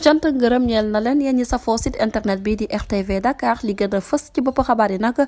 cant ngërëm ñeel na leen yéen ñi safoo site internet bi di RTV Dakar li gën a fës ci bopp xabaar yi nag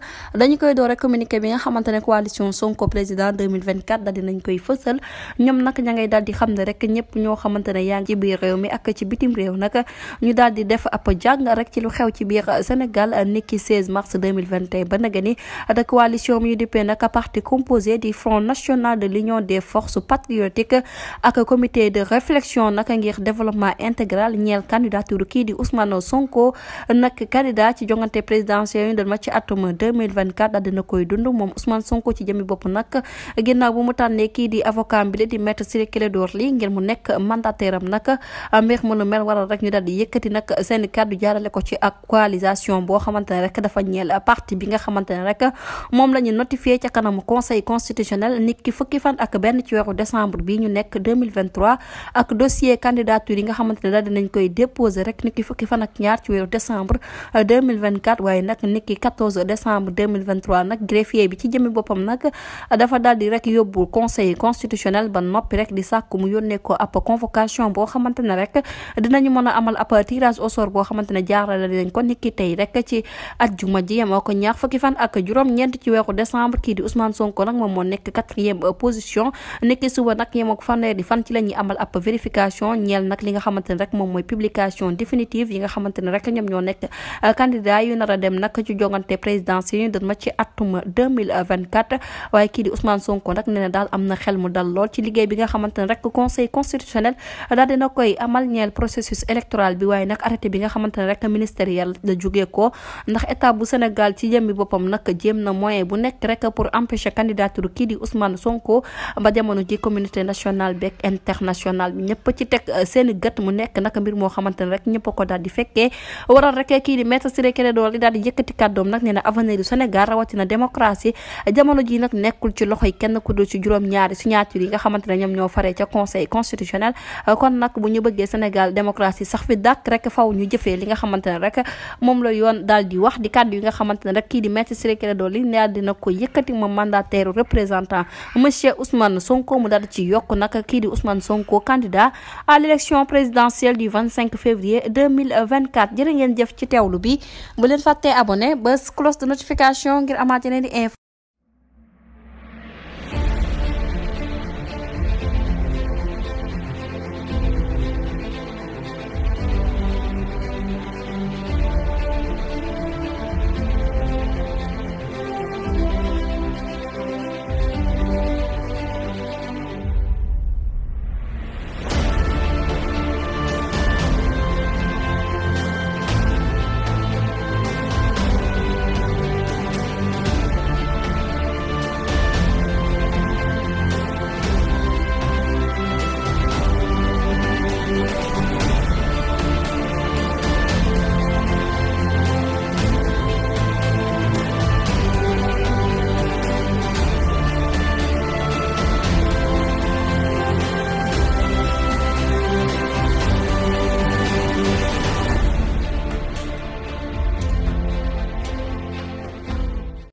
dañu koy door a communiqué bi nga xamante ne coalition Sonko président 2024 daal dinañ koy fësal ñoom nag ña ngay daal di xam ne rek ñëpp ñoo xamante ne yaa ngi ci biir réew mi ak ci bitim réew nag ñu daal di def ab jàng rek ci lu xew ci biir Sénégal niki 16 mars 2021 ba nag ni da coalition mi ñu dippee nag parti composé du Front national de l'Union des forces patriotiques ak comité de réflexion nag ngir développement intégral ñeel ñeel candidature kii di Ousmane Sonko nag candidat ci jongante présidentielle yi doon ci atum 2024 koy dund moom Ousmane Sonko ci jëmi bopp nag ginnaaw bu mu tànnee kii di avocat bi di maître Ciré Clédor Ly ngir mu nekk mandataire am nag mbir mu nu mel waral rek ñu daal di yëkkati nag seen kàddu jaarale ko ci ak coalition boo xamante ne rek dafa ñeel parti bi nga xamante ne rek moom la ñu notifié ca kanamu conseil constitutionnel nit ki fukki fan benn ci bi ñu nekk 2023 ak yi nga xamante ne daal déposé rek niki fukki fan ak ñaar ci weeru décembre 2024 euh, waaye nag niki 14 décembre 2023 nag greffier bi ci jëmi boppam nag euh, dafa daal di rek yóbbu conseil constitutionnel ba noppi rek di sàkku mu yónnee ko ab convocation boo xamante ne rek dinañu mën a amal ab tirage au sort boo xamante ne jaarale nañ ko niki tey rek ci ajjuma ji moo ko ñaar fukki fan ak juróom-ñeent ci weeru décembre kii di Ousmane publication définitive yi nga xamante ne rek ñoom ñoo nekk euh, candidat yu a dem nag ci jongante présidentielle yi doon ma ci atum waaye kii di Sonko nag nee daal am na xel mu dal lool ci liggéey bi nga xamante ne conseil constitutionnel euh, daal dina koy amal ñeel processus électoral bi waaye nag arrêté bi nga xamante ne ministériel da jógee ko ndax état bu Sénégal ci jëmmi boppam nag jéem na moyen bu nekk rek pour empêcher candidature moo xamante ne rek ñëpp ko daal di fekkee waral rek kii di maître Ciré Clédor Ly daal di yëkkati kàddoom avenir Sénégal rawatina démocratie jamono ji nag nekkul ci loxoy kenn ku ci juróom-ñaari signature yi nga xamante ñoom ñoo faree ca conseil constitutionnel kon nag bu ñu bëggee Sénégal démocratie sax fi dàkk rek faw ñu jëfee nga xamante rek moom la yoon daal di wax nga xamante rek kii di maître Ciré Clédor Ly dina ko 5 février 2024 jërë vous jëf ci vous bi bu leen fàttee abonné ba cloche de notification ngir amaat yeneen di info